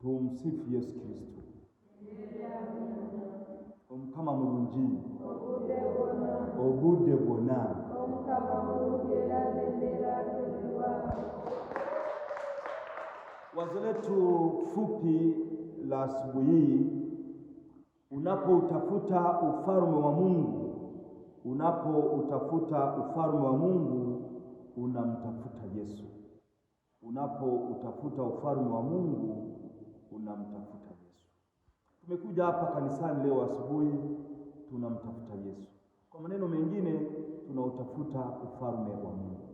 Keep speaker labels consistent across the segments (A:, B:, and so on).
A: Tumsifu Yesu Kristo. Omukama mulungi obudde bwonna wazo fupi la asubuhi hii, unapoutafuta ufalme wa Mungu, unapoutafuta ufalme wa Mungu unamtafuta Yesu. Unapoutafuta ufalme wa Mungu unamtafuta Yesu. Tumekuja hapa kanisani leo asubuhi, tunamtafuta Yesu. Kwa maneno mengine, tunautafuta ufalme wa Mungu.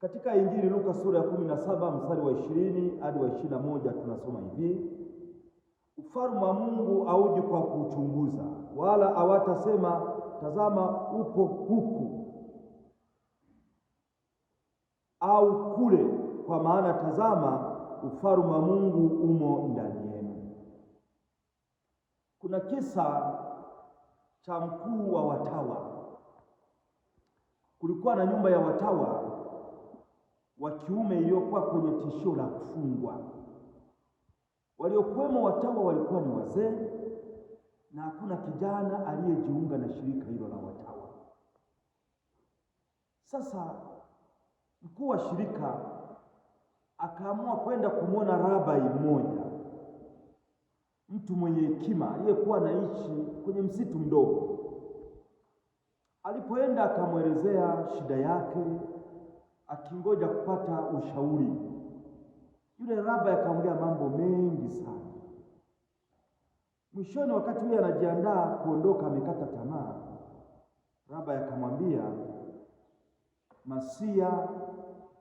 A: Katika Injili Luka sura ya kumi na saba mstari wa ishirini hadi wa ishirini na moja tunasoma hivi: ufalme wa Mungu auji kwa kuchunguza, wala hawatasema tazama, upo huku au kule, kwa maana tazama ufalme wa Mungu umo ndani yenu. Kuna kisa cha mkuu wa watawa. Kulikuwa na nyumba ya watawa wa kiume iliyokuwa kwenye tishio la kufungwa. Waliokuwemo watawa walikuwa ni wazee na hakuna kijana aliyejiunga na shirika hilo la watawa. Sasa mkuu wa shirika akaamua kwenda kumwona rabai mmoja, mtu mwenye hekima aliyekuwa anaishi kwenye msitu mdogo. Alipoenda akamwelezea shida yake, akingoja kupata ushauri. Yule raba akaongea mambo mengi sana. Mwishoni, wakati huyo anajiandaa kuondoka, amekata tamaa, rabai akamwambia, Masia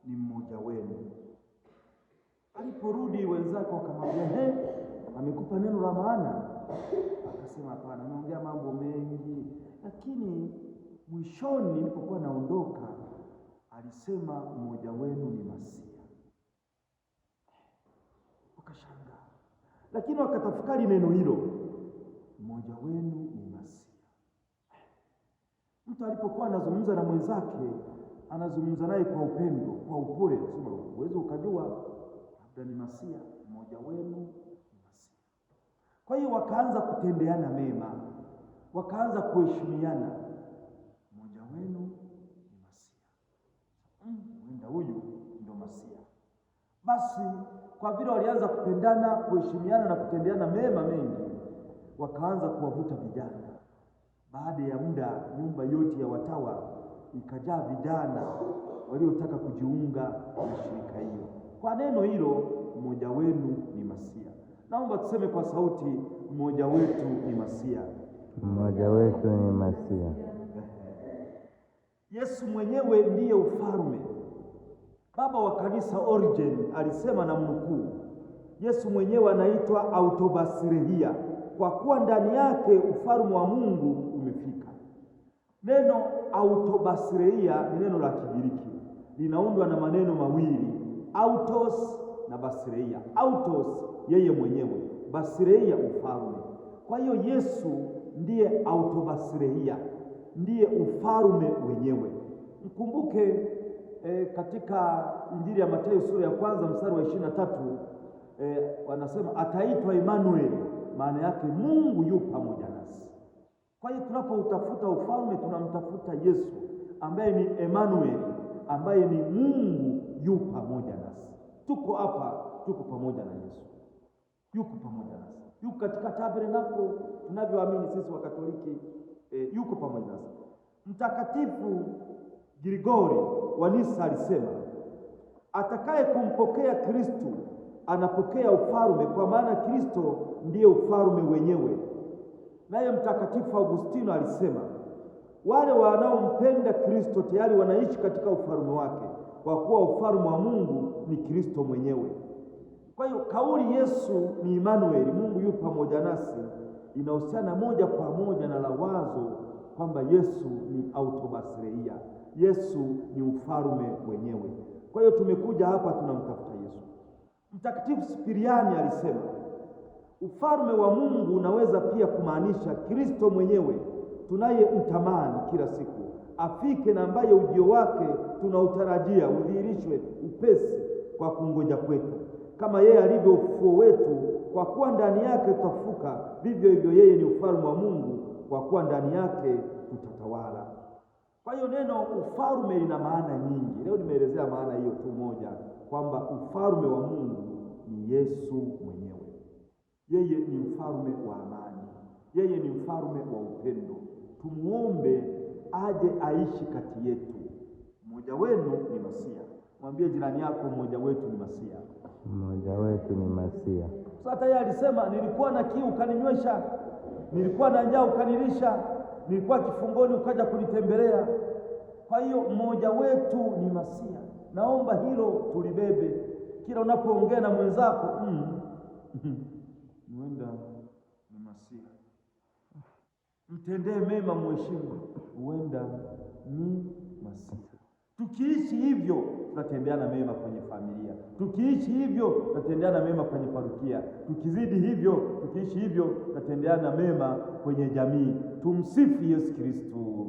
A: ni mmoja wenu Aliporudi wenzake wakamwambia, he, amekupa neno la maana? Akasema, hapana, ameongea mambo mengi, lakini mwishoni nilipokuwa naondoka alisema mmoja wenu ni Masia. Wakashangaa, lakini wakatafakari neno hilo, mmoja wenu ni Masia. Mtu alipokuwa anazungumza na mwenzake, anazungumza naye kwa upendo, kwa upole, akasema, uwezo ukajua ndio ni yaani masia, mmoja wenu ni masia. Kwa hiyo wakaanza kutendeana mema, wakaanza kuheshimiana, mmoja wenu ni masia, huenda mm, huyu ndio masia. Basi kwa vile walianza kupendana, kuheshimiana na kutendeana mema mengi, wakaanza kuwavuta vijana. Baada ya muda, nyumba yote ya watawa ikajaa vijana waliotaka kujiunga na shirika hiyo. Kwa neno hilo, mmoja wenu ni Masia. Naomba tuseme kwa sauti, mmoja wetu ni Masia,
B: mmoja wetu ni Masia.
A: Yesu mwenyewe ndiye ufalme. Baba wa kanisa Origen alisema na mnukuu, Yesu mwenyewe anaitwa autobasirehia kwa kuwa ndani yake ufalme wa Mungu umefika. Neno autobasirehia ni neno la Kigiriki, linaundwa na maneno mawili autos na basireia Autos yeye mwenyewe, basireia ufalme. Kwa hiyo Yesu ndiye autobasireia ndiye ufalme wenyewe. Mkumbuke e, katika Injili ya Mathayo sura ya kwanza mstari wa ishirini na tatu e, wanasema ataitwa Emanueli, maana yake Mungu yu pamoja nasi. Kwa hiyo tunapoutafuta ufalme tunamtafuta Yesu ambaye ni Emanueli, ambaye ni Mungu yu pamoja nasi. Tuko hapa, tuko pamoja na Yesu, yuko pamoja nasi, yuko katika tabernakulo tunavyoamini sisi wa Katoliki e, eh, yuko pamoja nasi. Mtakatifu Grigori wa Nisa alisema, atakaye kumpokea Kristo anapokea ufalme, kwa maana Kristo ndiye ufalme wenyewe. Naye Mtakatifu Augustino alisema, wale wanaompenda Kristo tayari wanaishi katika ufalme wake kwa kuwa ufalme wa Mungu ni Kristo mwenyewe. Kwa hiyo kauli Yesu ni emanueli Mungu yu pamoja nasi, inahusiana moja kwa moja na la wazo kwamba Yesu ni autobasileia, Yesu ni ufalme wenyewe. Kwa hiyo tumekuja hapa tunamtafuta Yesu. Mtakatifu Sipiriani alisema ufalme wa Mungu unaweza pia kumaanisha Kristo mwenyewe tunaye mtamani kila siku afike na ambaye ujio wake tunautarajia udhihirishwe upesi kwa kungoja kwetu, kama yeye alivyo ufufuo wetu, kwa kuwa ndani yake tutafuka, vivyo hivyo yeye ni ufalme wa Mungu, kwa kuwa ndani yake tutatawala. Kwa hiyo neno ufalme lina maana nyingi. Leo nimeelezea maana hiyo tu moja, kwamba ufalme wa Mungu ni Yesu mwenyewe. Yeye ni mfalme wa amani, yeye ni mfalme wa upendo. Tumuombe aje aishi kati yetu. Mmoja wenu ni Masia. Mwambie jirani yako, mmoja wetu ni Masia.
B: Mmoja wetu ni Masia.
A: Sasa tayari alisema, nilikuwa na kiu ukaninywesha, nilikuwa na njaa ukanilisha, nilikuwa kifungoni ukaja kunitembelea. Kwa hiyo mmoja wetu ni Masia. Naomba hilo tulibebe kila unapoongea na mwenzako mm. Mwenda ni Masia. Mtendee mema mheshimu, huenda ni masiha. Tukiishi hivyo tutatendeana mema kwenye familia, tukiishi hivyo tutatendeana mema kwenye parokia, tukizidi hivyo, tukiishi hivyo tutatendeana mema kwenye jamii. Tumsifu Yesu Kristo.